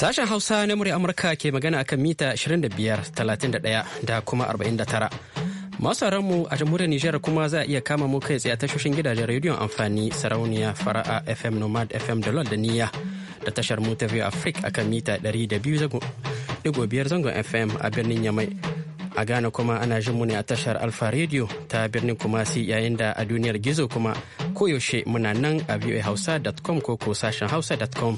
Sashen Hausa na murya Amurka ke magana a kan mita 25, 31 da kuma 49. masu mu a jamhuriyar Nijar kuma za a iya kama mu kai tsaye tashoshin gidajen rediyon amfani sarauniya fara'a FM Nomad FM da da da tashar mu ta View Africa akan mita 200.5 zangon FM a birnin Yamai. A Ghana kuma ana jin mu ne a tashar Alfa Radio ta birnin Kumasi yayin da a duniyar gizo kuma koyaushe muna nan a viewhausa.com ko ko sashen hausa.com.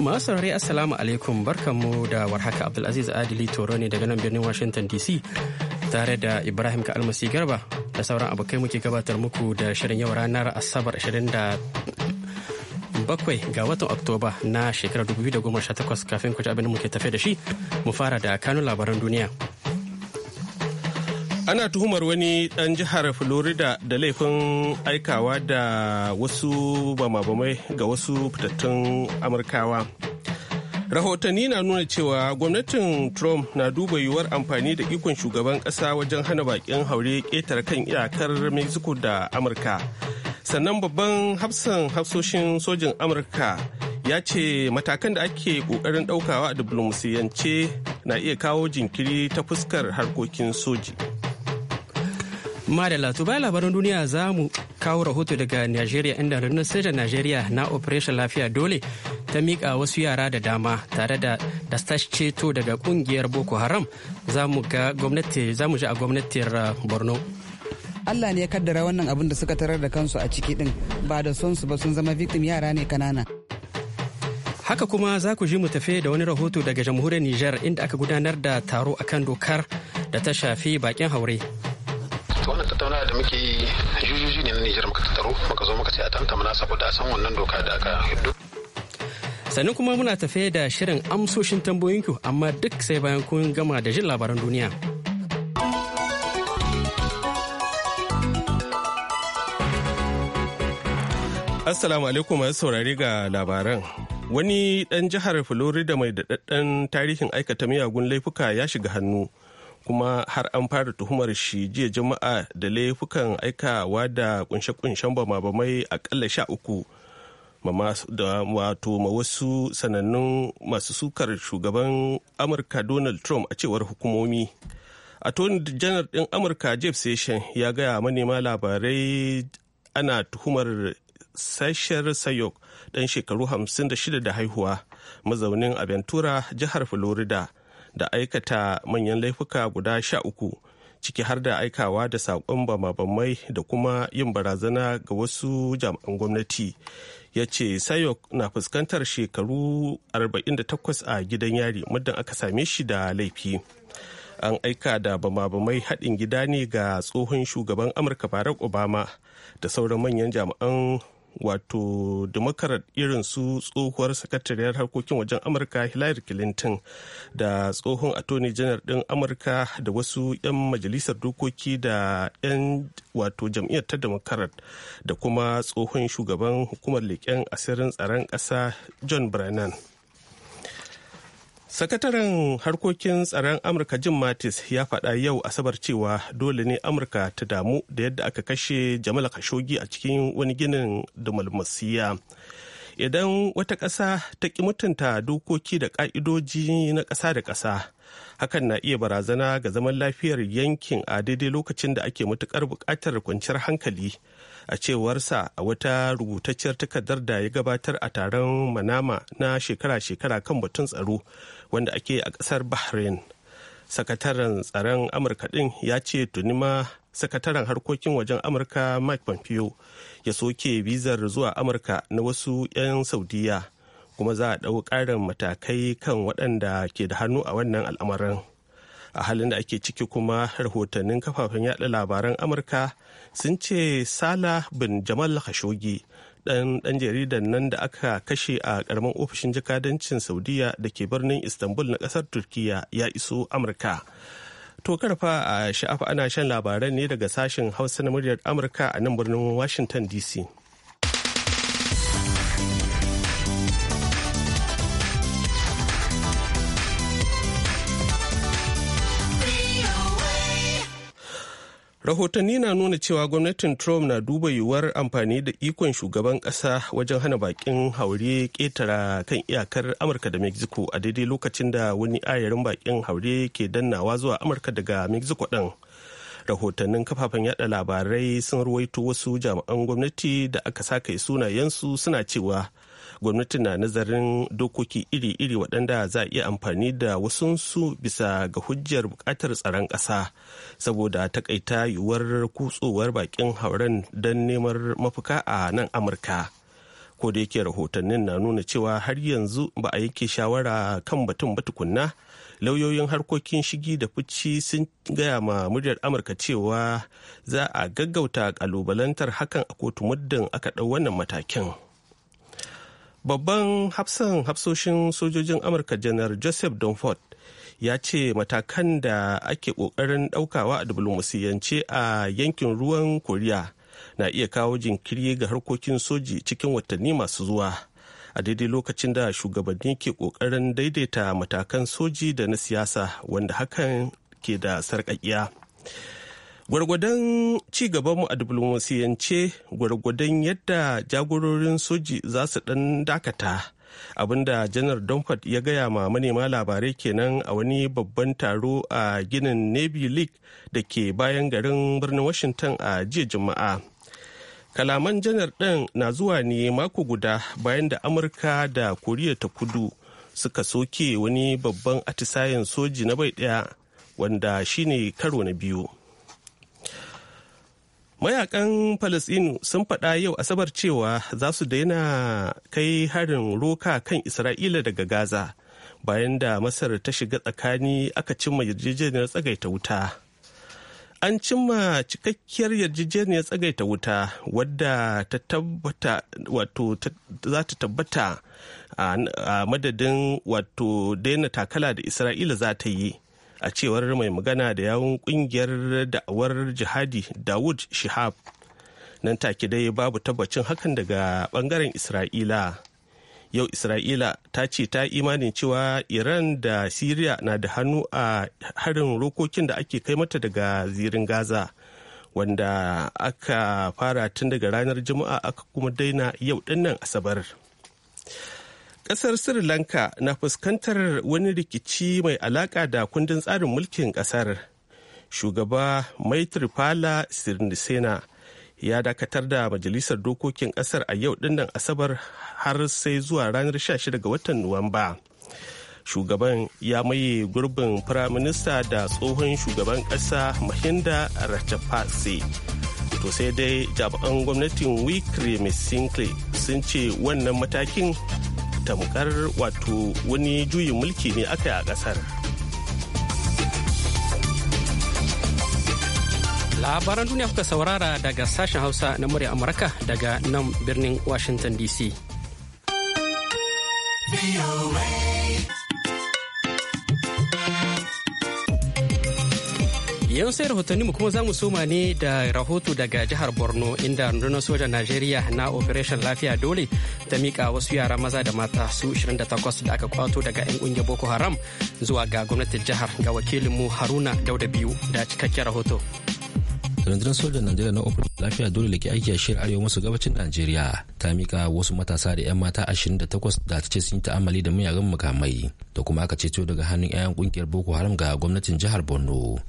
Masu rari Assalamu alaikum barkanmu da warhaka Abdulaziz Adili Toro ne daga nan birnin Washington DC tare da Ibrahim ka almasi garba da sauran abokai muke gabatar muku da shirin yau ranar Asabar 27 ga watan Oktoba na shekarar 2018 kafin ku ji abin da muke tafe da shi mu fara da kanun labaran duniya. ana tuhumar wani dan jihar florida da laifin aikawa da wasu bamabamai ga wasu fitattun amurkawa rahotanni na nuna cewa gwamnatin trump na duba yiwuwar amfani da ikon shugaban kasa wajen hana bakin haure ƙetare kan iyakar mexico da amurka sannan babban hafsan hafsoshin sojin amurka ya ce matakan da ake ƙoƙarin ɗaukawa a diplomasiyance na iya kawo jinkiri ta fuskar harkokin soji. Madalla to bayan labaran duniya za mu kawo rahoto daga Najeriya inda rundunar sojan Najeriya na Operation Lafiya Dole ta miƙa wasu yara da dama tare da da ceto daga kungiyar Boko Haram za mu ga gwamnati za mu ji a gwamnatin uh, Borno. Allah ne ya kaddara wannan abin da suka tarar da kansu a ciki din ba da son su ba sun zama victim yara ne kanana. Haka kuma za ku ji mu tafe da wani rahoto daga jamhuriyar niger inda aka gudanar da taro akan dokar da ta shafi bakin haure wannan tattaunawa da muke yi jujuji ne na Nijar muka tattaro muka zo muka ce a tantamana saboda a san wannan doka da aka sannan kuma muna tafe da shirin amsoshin tambayoyinku amma duk sai bayan kun gama da jin labaran duniya. Assalamu alaikum masu saurari ga labaran. Wani ɗan jihar Florida mai daɗaɗɗen tarihin aikata miyagun laifuka ya shiga hannu kuma har an fara tuhumar shi jiya jama'a da laifukan aikawa da kunshe-kunshen bama-bamai akalla sha uku da wato ma wasu sanannun masu sukar shugaban amurka donald trump a cewar hukumomi a attorney janar din amurka jeff session ya gaya manema labarai ana tuhumar sashiyar sayok dan shekaru 56 da haihuwa mazaunin aventura jihar florida da aikata manyan laifuka guda sha uku ciki har da aikawa da saƙon bama-bamai da kuma yin barazana ga wasu jami'an gwamnati ya ce sayok na fuskantar shekaru 48 a gidan yari muddin aka same shi da laifi an aika da bama-bamai haɗin gida ne ga tsohon shugaban amurka barack obama da sauran manyan jami'an wato democrat irin su tsohuwar sakatariyar harkokin wajen amurka hillary clinton da tsohon attorney general din amurka da wasu 'yan majalisar dokoki da 'yan wato jam'iyyar ta democrat da kuma tsohon shugaban hukumar leƙen asirin tsaron ƙasa john brennan Sakataren harkokin tsaron Amurka Jim Mattis ya faɗa yau Asabar cewa dole ne Amurka ta damu da yadda aka kashe Jamal Khashoggi a cikin wani ginin dumalmasiya. Idan wata ƙasa ta ƙi mutunta dokoki da ƙa'idoji na ƙasa da ƙasa, hakan na iya barazana ga zaman lafiyar yankin a daidai lokacin da ake matuƙar buƙatar kwanciyar hankali. a cewarsa a wata rubutacciyar takardar da ya gabatar a taron manama na shekara-shekara kan batun tsaro wanda ake a kasar bahrain sakataren tsaron amurka din ya ce tuni ma sakataren harkokin wajen amurka mike pompeo ya soke bizar zuwa amurka na wasu 'yan saudiya kuma za a ɗau ƙarin matakai kan waɗanda ke da hannu a wannan al'amarin a halin da ake ciki kuma rahotannin kafafen yada labaran amurka sun ce sala bin jamal khashoggi dan ɗan jaridan nan da aka kashe a karamin ofishin jakadancin saudiya da ke birnin istanbul na kasar turkiya ya iso amurka to karfa a sha'afa ana shan labaran ne daga sashen hausa na muryar amurka a nan birnin washington dc rahotanni na nuna cewa gwamnatin trump na duba yiwuwar amfani da ikon shugaban kasa wajen hana bakin haure ketara kan iyakar amurka da mexico a daidai lokacin da wani ayarin bakin haure ke dannawa zuwa amurka daga mexico ɗin rahotannin kafafen yada labarai sun ruwaito wasu jami'an gwamnati da aka kai sunayensu suna cewa gwamnati na nazarin dokoki iri-iri waɗanda za a iya amfani da wasunsu bisa ga hujjar buƙatar tsaron ƙasa saboda takaita yiwuwar kutsowar bakin hauren don neman mafuka a nan amurka ko da yake rahotannin na nuna cewa har yanzu ba a yake shawara kan batun ba tukunna lauyoyin harkokin shigi da fici sun gaya ma muryar amurka cewa za a gaggauta kalubalantar hakan a kotu muddin aka ɗau wannan matakin. babban hafsan hafsoshin sojojin amurka janar joseph donford ya ce matakan da ake kokarin daukawa a diflomasiyance a yankin ruwan koriya na iya kawo jinkiri ga harkokin soji cikin watanni masu zuwa a daidai lokacin da shugabanni ke kokarin daidaita matakan soji da na siyasa wanda hakan ke da sarƙaƙiya gwargwadon ci mu a diplomasiyance gwargwadon yadda jagororin soji za su ɗan dakata abinda janar donford ya gaya ma manema labarai kenan a wani babban taro a ginin navy league da ke bayan garin birnin washington a jiya juma'a kalaman janar ɗan na zuwa ne mako guda bayan da amurka da koriya ta kudu suka soke wani babban atisayen soji na bai ɗaya wanda shine karo na biyu mayakan falasinu sun faɗa yau asabar cewa za su daina kai harin roka kan isra'ila daga gaza bayan da masar ta shiga tsakani aka cimma yarjejeniyar tsagaita wuta an cimma cikakkiyar yarjejeniyar tsagaita wuta wadda ta tabbata wato za ta tabbata a madadin wato daina takala da isra'ila za ta yi a cewar mai magana da yawun kungiyar da'awar jihadi dawud shihab nan take dai babu tabbacin hakan daga bangaren isra'ila yau isra'ila ta ce ta imanin cewa iran da syria na da hannu a harin rokokin da ake kai mata daga zirin gaza wanda aka fara tun daga ranar juma'a aka kuma daina yau dinnan asabar Ƙasar Sri Lanka na fuskantar wani rikici mai alaƙa da kundin tsarin mulkin ƙasar. Shugaba Maitripala Sirnisena ya dakatar da Majalisar Dokokin ƙasar a yau dinnan Asabar har sai zuwa ranar 16 ga watan Nuwamba. Shugaban ya maye gurbin Firaminista da tsohon shugaban ƙasa Mahinda Rajapakse. to sai dai jami'an gwamnatin wikri miss sun ce wannan matakin tamkar wato wani juyin mulki ne aka yi a ƙasar. labaran duniya kuka saurara daga sashen hausa na murya amurka daga nan birnin washington dc. Yan sai rahotanni mu kuma za mu soma ne da rahoto daga jihar Borno inda rundunar sojan Najeriya na Operation Lafiya Dole ta mika wasu yara maza da mata su 28 da aka kwato daga 'yan ƙungiyar Boko Haram zuwa ga gwamnatin jihar ga wakilinmu Haruna Dauda biyu da cikakken rahoto. rundunar sojan najeriya na operation lafiya dole da ke aiki a shirin arewa masu gabacin najeriya ta mika wasu matasa da 'yan mata 28 da ta ce sun yi ta'amali da mayagan mukamai da kuma aka ceto daga hannun 'yan kungiyar boko haram ga gwamnatin jihar borno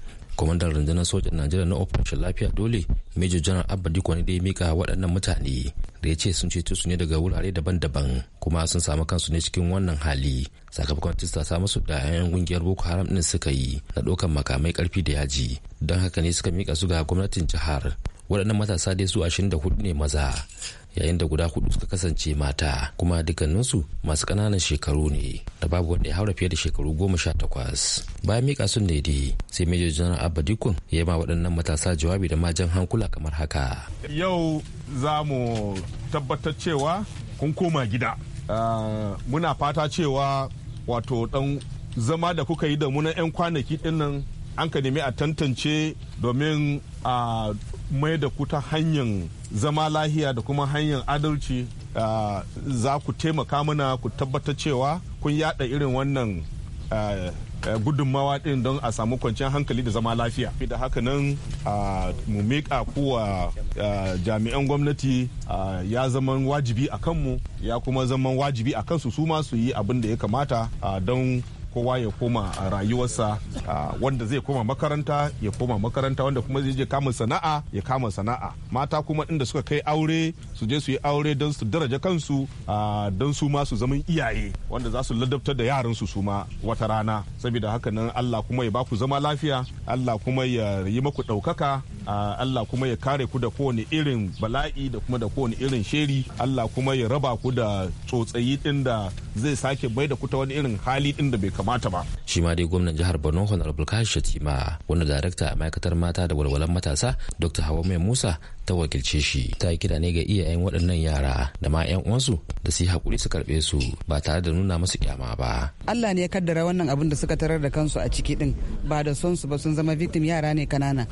kwamandan rundunar sojan najeriya na operation lafiya dole major general abba diko da ya mika waɗannan mutane da ya ce sun ceto su ne daga wurare daban-daban kuma sun samu kansu ne cikin wannan hali sakamakon tista sa musu da 'ya'yan kungiyar boko haram din suka yi na ɗaukan makamai karfi da yaji don haka ne suka mika su ga gwamnatin jihar waɗannan matasa dai su 24 ne maza yayin da guda hudu suka kasance mata kuma dukkaninsu masu ƙananan shekaru ne da babu wanda ya haura fiye da shekaru goma sha takwas bayan mika sun ne sai major general abba dikun ya ma waɗannan matasa jawabi da majan hankula kamar haka yau za mu tabbatar cewa kun koma gida ah, muna fata cewa wato dan zama da kuka yi da muna 'yan kwanaki dinnan an ka nemi a tantance domin a mai da ku ta hanyar zama lahiya da kuma hanyar adalci za ku taimaka mana ku tabbatar cewa kun yada irin wannan gudunmawa din don a samu kwanciyar hankali da zama lafiya da haka nan mu miƙa kuwa jami'an gwamnati ya zama wajibi a kanmu ya kuma zama wajibi a kansu su ma su yi abin da ya kamata don kowa ya koma a rayuwarsa wanda zai koma makaranta ya koma makaranta wanda kuma zai je kama sana'a ya kama sana'a mata kuma inda suka kai aure su je su yi aure don su daraja kansu don su ma su zaman iyaye wanda za su ladabtar da yaran su suma wata rana saboda haka nan Allah kuma ya baku zama lafiya Allah kuma ya yi maku ɗaukaka Allah kuma ya kare ku da kowane irin bala'i da kuma da kowane irin sheri Allah kuma ya raba ku da tsotsayi din da zai sake bai da ku ta wani irin hali din da bai kamata ba shi ma dai gwamnan jihar Borno Honorable Kashi Shatima wanda darakta a ma'aikatar mata da walwalan matasa Dr. Hawa Mai Musa ta wakilce shi ta yi kira ne ga iyayen waɗannan yara da ma 'yan uwansu da su yi hakuri su karɓe su ba tare da nuna musu kyama ba Allah ne ya kaddara wannan abin da suka tarar da kansu a ciki din ba da son su ba sun zama victim yara ne kanana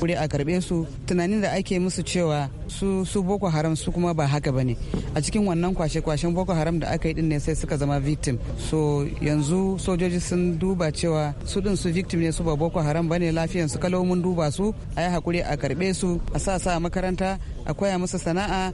kuri a karɓe su tunanin da ake musu cewa su su boko haram su kuma ba haka bane a cikin wannan kwashe kwashen boko haram da aka yi din ne sai suka zama victim so yanzu sojoji sun duba cewa su din su victim ne su ba boko haram bane lafiyan su kalau mun duba su a yi hakuri a karɓe su a sa sa makaranta a koya musu sana'a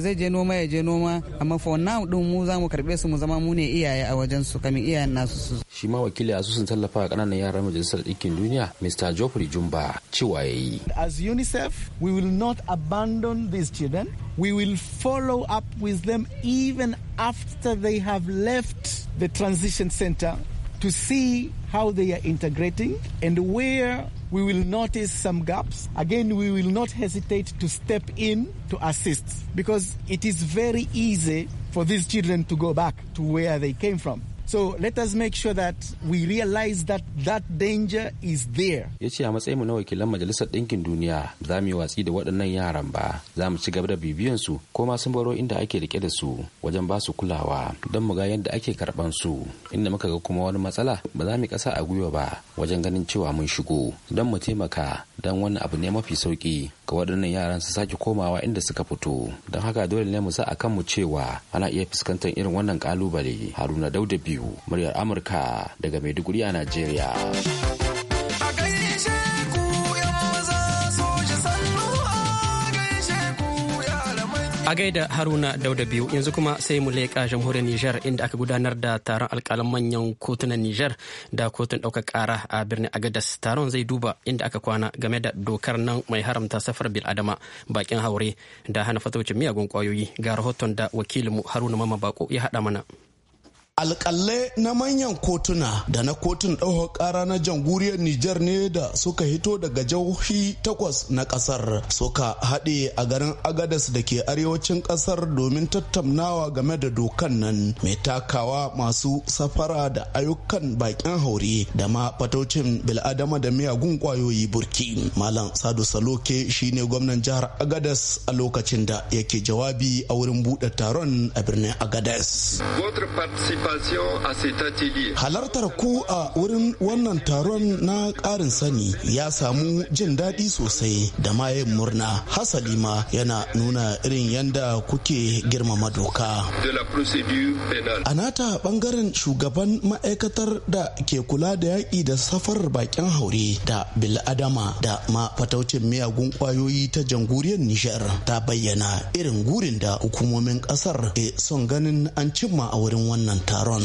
zai je noma ya je noma amma for now din mu za mu karbe su mu zama mu ne iyaye a wajen su kamin iyayen nasu su shi ma wakili tallafa kananan yaran majalisar ɗinkin duniya Mr. Geoffrey Jumba cewa yayi as UNICEF we will not abandon these children we will follow up with them even after they have left the transition center to see how they are integrating and where we will notice some gaps. Again, we will not hesitate to step in to assist because it is very easy for these children to go back to where they came from. So let us make sure that we realize that that danger is there. Ya ce a matsayin mu na wakilan Majalisar Ɗinkin Duniya za mu yi watsi da waɗannan yaran ba, za mu ci gaba da bibiyan su ko ma sun baro inda ake rike da su wajen ba su kulawa don mu ga yadda ake karɓan su. Inda muka ga kuma wani matsala ba za mu ƙasa a gwiwa ba wajen ganin cewa mun shigo don mu taimaka don wannan abu ne mafi sauki ga waɗannan yaran su sake komawa inda suka fito. Don haka dole ne mu sa a mu cewa ana iya fuskantar irin wannan ƙalubale Haruna Dauda biyu biyu muryar Amurka daga Maiduguri a Najeriya. A gaida Haruna Dauda biyu yanzu kuma sai mu leƙa jamhuriyar Nijar inda aka gudanar da taron alƙalan manyan kotunan Nijar da kotun ɗaukar ƙara a birnin Agadas. Taron zai duba inda aka kwana game da dokar nan mai haramta safar bil adama bakin haure da hana fatocin miyagun kwayoyi ga rahoton da wakilinmu Haruna Mama Bako ya haɗa mana. Alƙalai na manyan kotuna da na kotun ɗaukar ƙara na jamhuriyar Nijar ne da suka hito daga jauhi takwas na ƙasar suka haɗe a garin Agadas da ke arewacin ƙasar domin tattaunawa game da dokan nan mai takawa masu safara da ayyukan baƙin haure da ma fatocin bil'adama da miyagun ƙwayoyi burki. Malam Sadu Saloke shine gwamnan jihar Agadas a lokacin da yake jawabi a wurin buɗe taron a birnin Agadas. Halartar ku a wurin wannan taron na ƙarin sani ya samu jin daɗi sosai da mayin murna. Hasali ma yana nuna irin yanda kuke girmama doka. A nata ɓangaren shugaban ma'aikatar da ke kula da yaƙi da safar baƙin haure da bil'adama da ma miyagun ƙwayoyi ta janguriyar Nijar ta bayyana irin gurin da hukumomin ƙasar ke son ganin an cimma a wurin wannan taron. taron.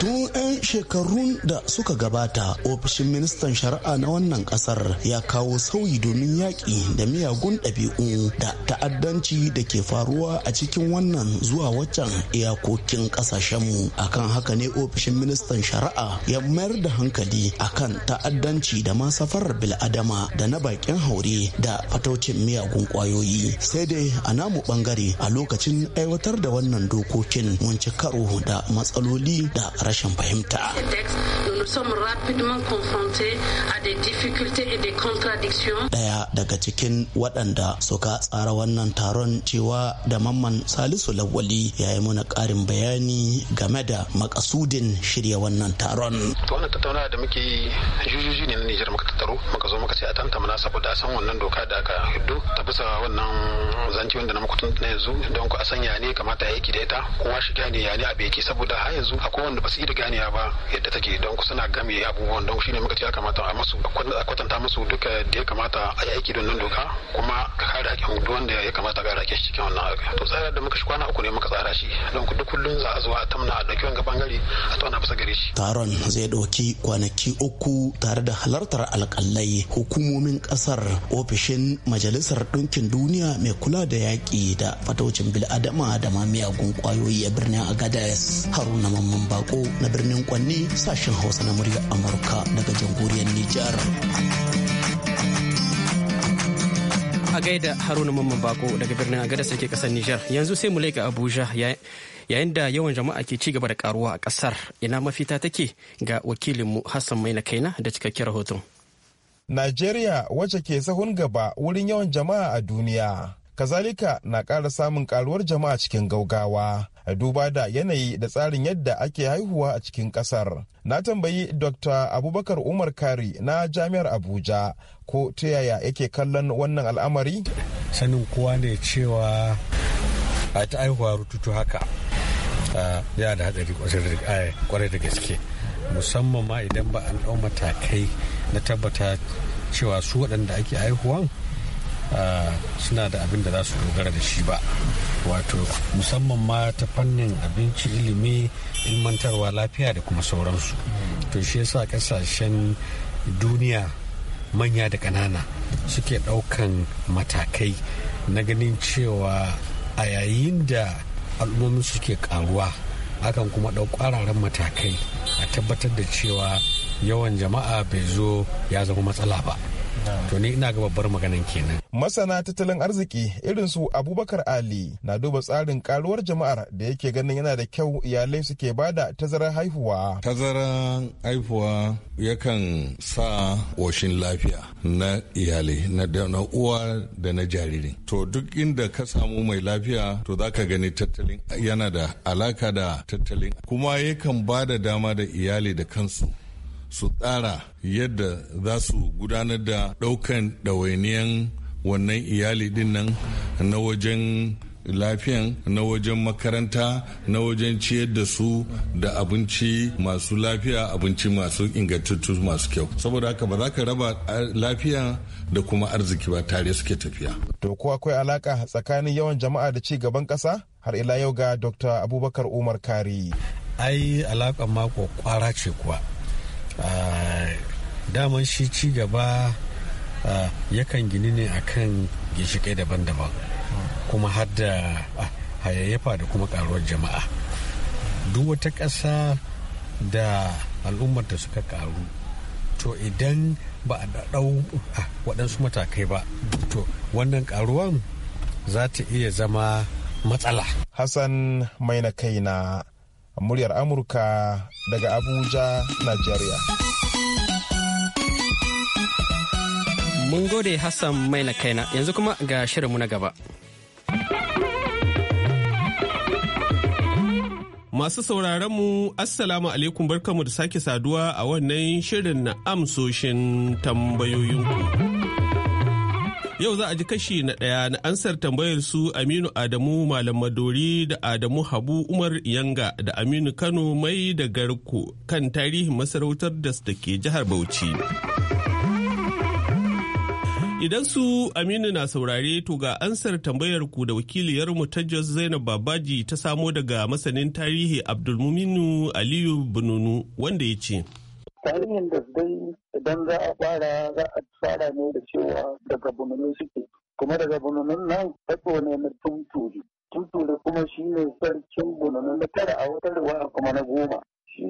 Tun 'yan shekarun da suka gabata, ofishin ministan shari'a na wannan kasar ya kawo sauyi domin yaƙi da miyagun ɗabi'u da ta'addanci da ke faruwa a cikin wannan zuwa waccan iyakokin ƙasashenmu. Akan haka ne ofishin ministan shari'a ya mayar da hankali akan ta'addanci da ma safarar bil'adama da na baƙin haure da fataucin miyagun ƙwayoyi. Sai dai a namu ɓangare a lokacin lokacin aiwatar da wannan dokokin mun ci karo da matsaloli da rashin fahimta. Daya daga cikin waɗanda suka tsara wannan taron cewa da mamman Salisu Lawali ya yi muna ƙarin bayani game da makasudin shirya wannan taron. Wannan tattaunawa da muke yi jujuji ne na Nijar muka tattaro muka zo muka ce a tantama na saboda san wannan doka da aka hiddo ta bisa wannan zanci wanda na makutun na yanzu don ku a san ya ne kamata ya yi da ita kowa shi gane ya ne a beki saboda har yanzu akwai wanda ba su yi da ganewa ba yadda take don ku suna game abubuwan don shi ne muka ce ya kamata a masu a kwatanta musu duka da ya kamata a yi aiki don nan doka kuma ka kare hakkin duk wanda ya kamata ka rake shi cikin wannan harka to tsara da muka shi kwana uku ne muka tsara shi don ku duk kullun za a zo a tamna a dauki wanga bangare a tauna bisa gare shi taron zai dauki kwanaki uku tare da halartar alkalai hukumomin kasar ofishin majalisar ɗinkin duniya mai kula da yaƙi da fatauci fataucin bil'adama da ma miyagun kwayoyi a birnin agadez haruna mamman bako na birnin kwanni sashen hausa na muryar amurka daga jamhuriyar nijar a gaida haruna mamman bako daga birnin agadez ke kasar nijar yanzu sai mu leka abuja yayin da yawan jama'a ke ci gaba da karuwa a kasar ina mafita take ga wakilinmu hassan mai na kaina da cikakken rahoton Najeriya wacce ke sahun gaba wurin yawan jama'a a duniya kazalika na ƙara samun ƙaruwar jama'a cikin gaugawa duba da yanayi da tsarin yadda ake haihuwa a cikin ƙasar na tambayi dr abubakar umar kari na jami'ar abuja ko ta yaya yake kallon wannan al'amari sanin kowa ne cewa a ta haihuwa rututu haka ya da hadari kwarai da gaske musamman ma idan ba an ɗau matakai na tabbata cewa su waɗanda ake haihuwan suna da abin da za su dogara da shi ba wato musamman ma ta fannin abinci ilimi ilmantarwa lafiya da kuma sauransu to shi yasa kasashen duniya manya da ƙanana suke ɗaukan matakai na ganin cewa a yayin da al'ummomi suke karuwa akan kuma ɗau ƙwararren matakai a tabbatar da cewa yawan jama'a bai zo ya zama matsala ba to ni ina ga babbar maganan kenan masana tattalin arziki irin su abubakar ali na duba tsarin karuwar jama'ar da yake ganin yana da kyau iyalai suke bada tazarar haihuwa tazarar haihuwa yakan sa ƙoshin lafiya na iyalai na na uwa da na jariri to duk inda ka samu mai lafiya to za ka gani tattalin yana da alaka da tattalin kuma yakan ba da dama da iyali da kansu su tsara yadda za su gudanar da ɗaukan ɗawainiyan wannan iyali din nan na wajen lafiyan na wajen makaranta na wajen ciyar da su da abinci masu lafiya abinci masu ingantattu masu kyau saboda haka ba za ka raba lafiya da kuma arziki ba tare suke tafiya to ko akwai alaka tsakanin yawan jama'a da ci gaban kasa har ila yau ga dr abubakar umar kari ai alakan mako kwara ce kuwa Ah, daman shi ci gaba ah, yakan gini ne akan ginshiƙai daban-daban kuma har da ah, hayayyafa da kuma karuwar jama'a duk wata ƙasa da al'ummar da suka karu to idan ba a ɗau waɗansu matakai ba to wannan karuwan za ta iya zama matsala hassan mai na kaina muryar amurka daga abuja najeriya. mun gode hassan mai na kaina yanzu kuma ga shirinmu na gaba Masu sauraronmu mu Assalamu alaikum barkamu da sake saduwa a wannan shirin na amsoshin tambayoyinku. Yau za a ji kashi na ɗaya na ansar tambayar su Aminu Adamu Malam Madori da Adamu Habu Umar Yanga da Aminu Kano Mai da Garko kan tarihin masarautar da ke jihar Bauchi. Idan su Aminu na saurare to ga ansar tambayar ku da wakiliyarmu ta Jos Zainab Babaji ta samo daga masanin tarihi Abdulmuminu Aliyu Bununu wanda ya ce. tarihin da dai idan za a fara za a fara ne da cewa daga bunumi suke kuma daga bunumin nan tako ne na tunturi tunturi kuma shi ne sarkin bunumi na tara a wata ruwa kuma na goma shi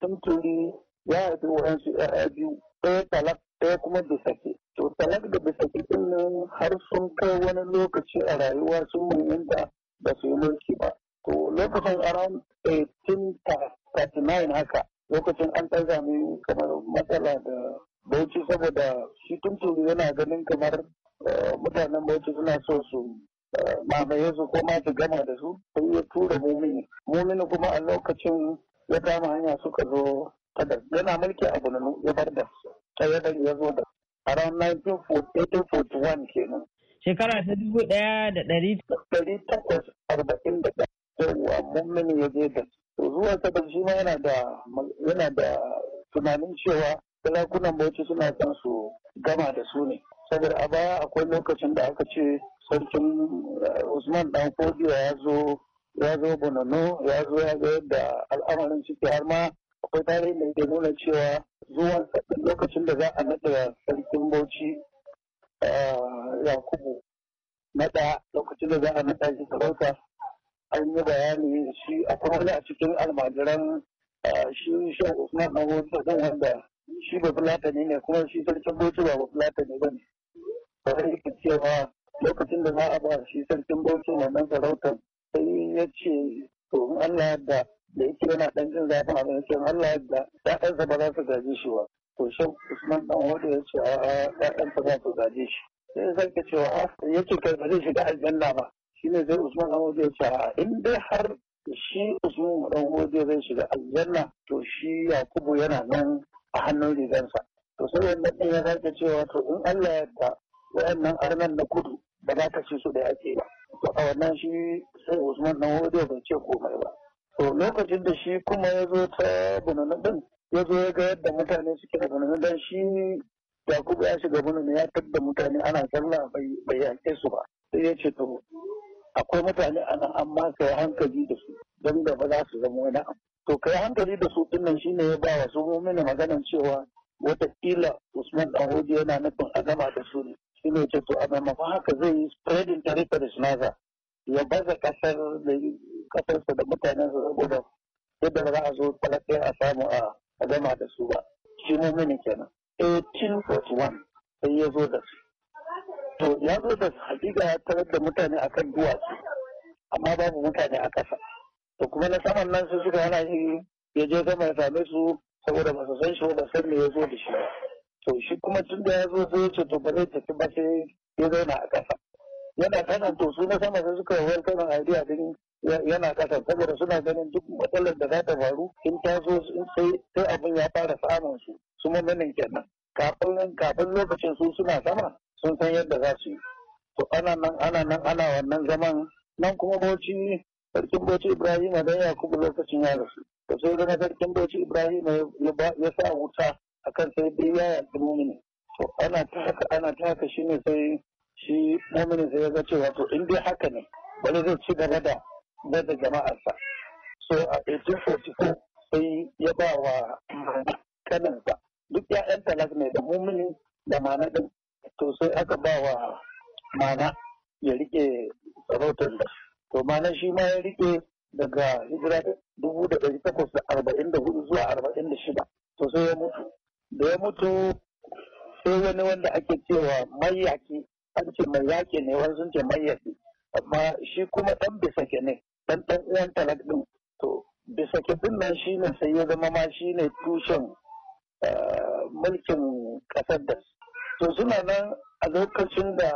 tunturi ya haifi waɗansu ‘ya'ya biyu ɗaya talak ɗaya kuma bisake to talak da bisake ɗin nan har sun kai wani lokaci a rayuwa sun muhimta ba su yi mulki ba to lokacin around 1839 haka lokacin an ɗan zane kamar matsala da bauchi saboda shi tuntun yana ganin kamar eh, mutanen bauchi suna so su eh, mamaye su ko ma su gama da su sai ya tura mumini mumini kuma a lokacin ya kama hanya suka zo kadar yana mulki a bunanu ya bar da ta yadda ya zo da a ran kenan shekara ta dubu ɗaya da ɗari takwas arba'in da ɗaya yawwa mumini ya je da zuwa saboda shi ma yana da yana da tunanin cewa sarakunan bauchi suna son su gama da su ne saboda a baya akwai lokacin da aka ce sarkin eh, usman dan fodiyo ya zo ya zo bonono ya zo ya ga yadda al'amarin ciki har ma akwai tarihin da ke nuna cewa zuwan lokacin da za a naɗa sarkin bauchi eh, yakubu naɗa lokacin da za a naɗa shi sarauta an yi bayani shi a kuma a cikin almajiran shi shan usman na hoton wanda shi ba fulatani ne kuma shi sarkin bauchi ba fulatani ba ne zai yake cewa lokacin da za a ba shi sarkin bauchi wannan sarautar sai ya ce to in Allah yadda da yake yana dan jin zafin a ya ce in Allah yadda ya'yansa ba za su gaji shi ba to shan usman dan hoton ya ce a'a ya'yansa za su gaji shi sai sarki cewa yake kai ba zai shiga aljanna ba shine zai usman dan ya ce in dai har shi usman dan hodiyo zai shiga aljanna to shi yakubu yana nan a hannun rigansa to sai wannan din ya sake cewa to in Allah ya yarda wayannan arnan na kudu ba za ta ci su da yake ba to a wannan shi sai usman dan hodiyo bai ce komai ba to lokacin da shi kuma ya zo ta bununu din ya zo ya ga yadda mutane suke da bununu dan shi yakubu ya shiga bununu ya tadda mutane ana sallah bai yaƙe su ba sai ya ce to akwai mutane a nan amma ka yi hankali da su don da ba za su zama wani abu to ka yi hankali da su shi ne ya ba wa su mini maganan cewa watakila usman danhodi yana nufin a gama da su ne shine ce to a maimakon haka zai yi spreading tarifa da sinaza ya baza kasar da kasarsa da mutanensa saboda yadda ba za a zo kwalakai a samu a gama da su ba shi mini kenan 1841 sai ya zo da su to ya zo da hakika ya tarar da mutane akan duwatsu amma babu mutane a ƙasa to kuma na saman nan su suka yana shi ya je sama ya same su saboda ba su san shi ba san me ya zo da shi ba to shi kuma tun da ya zo sai ya ce to ba zai tafi ba sai ya zauna a ƙasa yana kasan to su na saman sai suka kanan idea din yana ƙasa, saboda suna ganin duk matsalar da za ta faru in ta zo sai abin ya fara samun su su mamanin kenan kafin lokacin su suna sama sun san yadda za su yi to ana nan ana nan ana wannan zaman nan kuma bauchi sarkin bauchi ibrahim da yakubu lokacin ya rasu da sai zama sarkin bauchi ibrahim ya sa wuta akan sai dai ya da mumini to ana ta haka ana ta haka shine sai shi mumini sai ya ga cewa to in dai haka ne bari zai ci gaba da da jama'arsa so a 1844 sai ya ba wa kanansa duk ya'yan talak ne da mumini da mana din to sai aka ba wa mana ya rike sarautar da to mana shi ma ya rike daga hijira dubu da ɗari takwas da arba'in da hudu zuwa arba'in da shida to sai ya mutu da ya mutu sai wani wanda ake cewa mayaki an ce mai yaƙi ne wani sun ce mayaki. amma shi kuma ɗan ke ne ɗan ɗan uwan talak ɗin to ke ɗin nan shi ne sai ya zama ma shi ne tushen mulkin kasar da to suna nan a lokacin da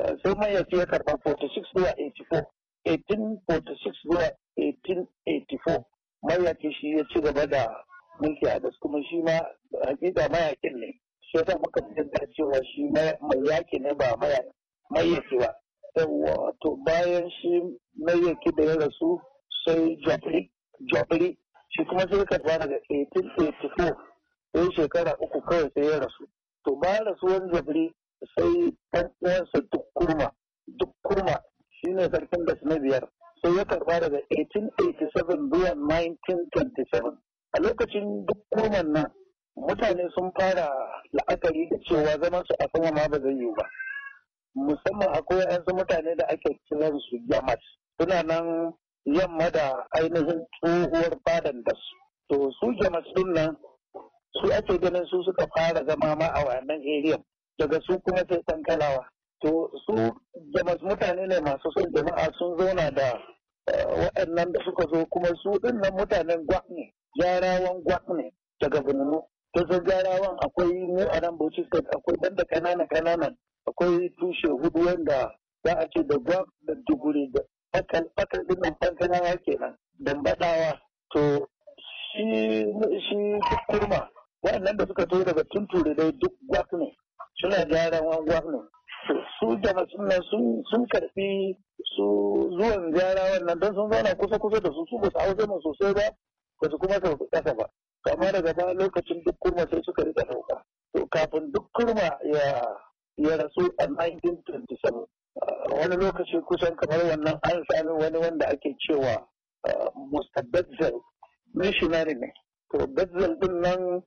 eh, sai mayyafi ya karba 46 zuwa 84 1846 zuwa 1884 mayaki shi ya ci gaba da mulki a gaske kuma shi ma hakika mayakin ne shi yasa muka da cewa shi mai yaki ne ba mayaki ba wato bayan shi mayaki da ya rasu sai jobri jobri shi kuma sai karba daga 1884 sai shekara uku kawai sai ya rasu to rasu wani zabri sai ɗan ɗansa duk kurma duk kurma shine sarkin gas na biyar sai ya karba daga 1887 zuwa 1927 a lokacin duk kurman nan mutane sun fara la'akari da cewa zaman su a sama ma ba zai yiwu ba musamman akwai yansu mutane da ake kiran su yamas suna nan yamma da ainihin tsohuwar badan da su to su jama'a din nan su ake ganin su suka fara zama ma a wannan area daga su kuma sai kankalawa to su da mutane ne masu son jama'a sun zauna da eh, waɗannan da suka zo kuma su dinnan mutanen gwak ne jarawan gwak ne daga bununu to sun jarawan akwai mu a nan bauchi akwai ɗan da ƙananan ƙananan akwai tushe hudu wanda za a ce da gwak da duguri da fakal fakal dinnan nan kenan dambaɗawa to shi shi kurma waɗannan da suka to daga tunture dai duk gwakne suna gyaran wani gwakne su jama suna sun karfi su zuwan gyara wannan don sun zauna kusa kusa da su su ba su hau zama sosai ba ba su kuma sauka ƙasa ba kama daga baya lokacin duk kurma sai suka rika sauka to kafin duk kurma ya rasu a 1927 uh, wani lokaci kusan kamar wannan an sami wani wanda ake cewa uh, musta betzel missionary ne to betzel din nan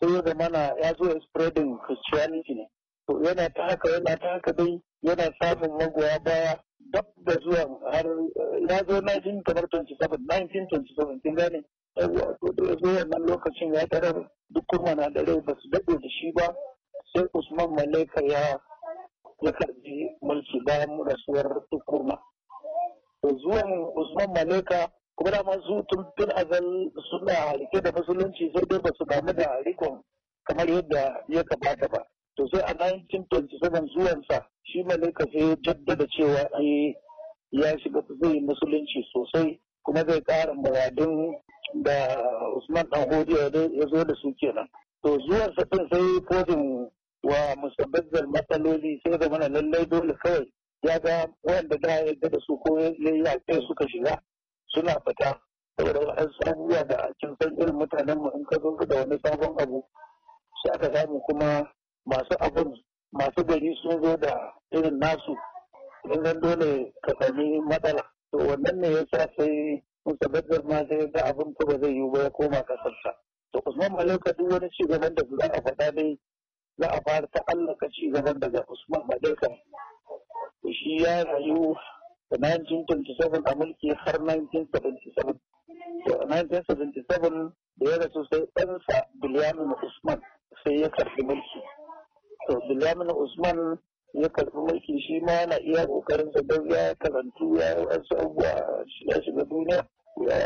sai ya zamana ya zo spreading christianity ne to yana ta haka yana ta haka dai yana samun magoya baya duk da zuwa har ya zo 19 kamar 27 1927 kin gane yawwa to da zo wannan lokacin ya tarar duk kuma na da rai ba su daɗe da shi ba sai usman malaika ya ya karbi mulki bayan rasuwar tukurma to zuwan usman malaika kuma da masu tun azal suna rike da musulunci sai dai ba su damu da rikon kamar yadda ya kamata ba to sai a 1927 zuwansa shi malika sai jaddada cewa ya shiga zai musulunci sosai kuma zai kara muradun da usman dan hodiya ya zo da su kenan to zuwansa din sai kodin wa musabbazar matsaloli sai da zama lallai dole kawai ya ga wanda da ya da su ko ya yi yaƙe suka shiga suna fita saboda waɗansu abubuwa da cin san irin mutanen mu in ka zo da wani sabon abu sai aka samu kuma masu abun masu gari sun zo da irin nasu zan dole ka sami matsala to wannan ne ya sa sai musabbadar ma sai da abin ko ba zai yiwu ba ya koma kasarsa to usman malauka duk wani ci gaban da za a faɗa dai za a fara ta allaka ci daga usman malauka shi ya rayu da 1927 a mulki har 1977 to 1977 da ya rasu sai ɗansa usman sai ya karfi mulki to bilyamin usman ya karfi mulki shi ma yana iya ƙoƙarin sa don ya karantu ya yi wasu abubuwa ya shiga duniya ya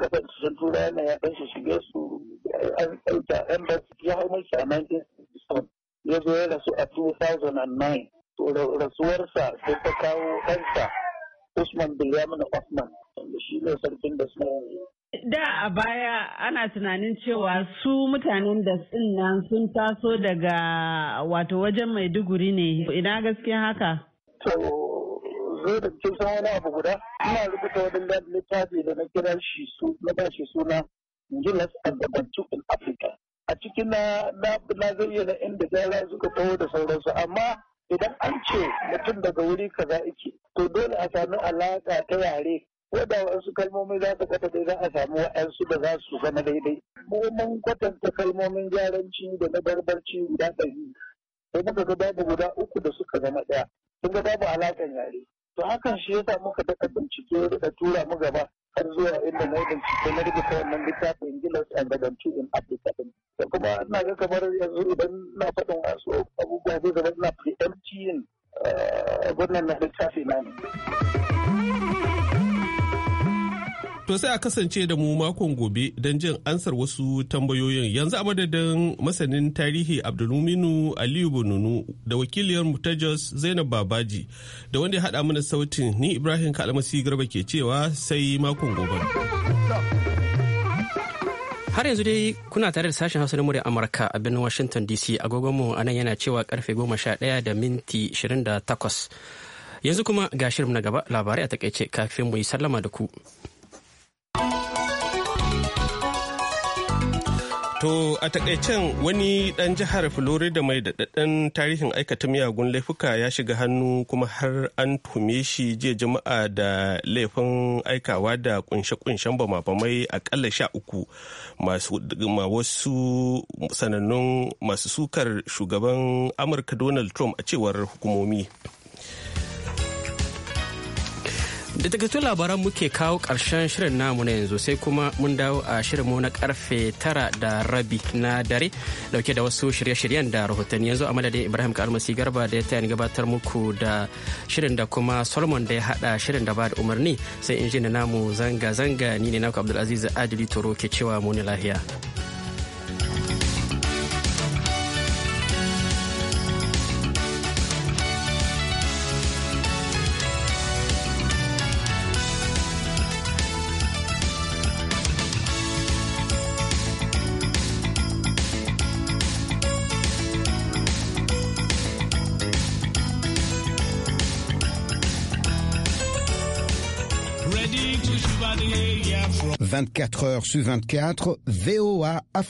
kasance sun tura yana ya ɗan shige su an ɗauka ɗan ba ya hau mulki a 1977 ya zo ya rasu a 2009 to rasuwarsa sai ta kawo ɗansa Usman Bilyamin Osman wanda shi ne sarkin da suna yanzu. Da a baya ana tunanin cewa su mutanen da nan sun taso daga wato wajen Maiduguri ne ina gaskiya haka? To zo da cikin wani abu guda ina rubuta wani littafi da na kira shi su na ba shi suna Gilas and the Bantu in Africa. A cikin na na zai na inda jara suka taho da sauransu amma idan an ce mutum daga wuri kaza yake to dole a sami alaƙa ta yare wadda wasu kalmomi za su kwata dai za a samu wa'ansu da za su zama daidai mu mun kwatanta kalmomin gyaranci da na barbarci guda ɗari sai muka ga babu guda uku da suka zama ɗaya sun ga babu alaƙan yare to hakan shi yasa muka daɗa bincike da tura mu gaba har zuwa inda na bincike na rubuta wannan littafin gilas a gabanci in Africa din. Da kuma ina ga kamar yanzu idan na faɗin wasu abubuwa zai zama ina preempting eh, wannan na littafi na ne. To sai a kasance da mu makon gobe don jin ansar wasu tambayoyin yanzu a madadin masanin tarihi abdulminu Aliyu Bununu da wakiliyar Mutajos Zainab Babaji da wanda ya haɗa mana sautin ni Ibrahim Kalmasi Garba ke cewa sai makon gobe. Har yanzu dai kuna tare da sashen Hausa na murya Amurka a birnin Washington DC agogonmu a nan yana cewa karfe 11 da minti 28. Yanzu kuma ga shirin na gaba labarai a takaice kafin mu yi sallama da ku. To a takaicen wani ɗan jihar Florida mai daɗaɗɗen tarihin aikata miyagun laifuka ya shiga hannu kuma har an tume shi jiya jama'a da laifin aikawa da kunshe-kunshen bama-bamai akalla sha uku masu wasu sanannun masu sukar shugaban Amurka Donald Trump a cewar hukumomi. da takaitun labaran muke kawo ƙarshen shirin namu na yanzu sai kuma mun dawo a shirinmu na karfe tara da rabi na dare dauke da wasu shirye-shiryen da rahotanni yanzu a madadin ibrahim kalmasi garba da ya tayani gabatar muku da shirin da kuma solomon da ya hada shirin da ba da umarni sai injina namu zanga-zanga ni ne naku abdulaziz adili toro ke cewa muni lahiya. 24 h sur 24, VOA Afrique.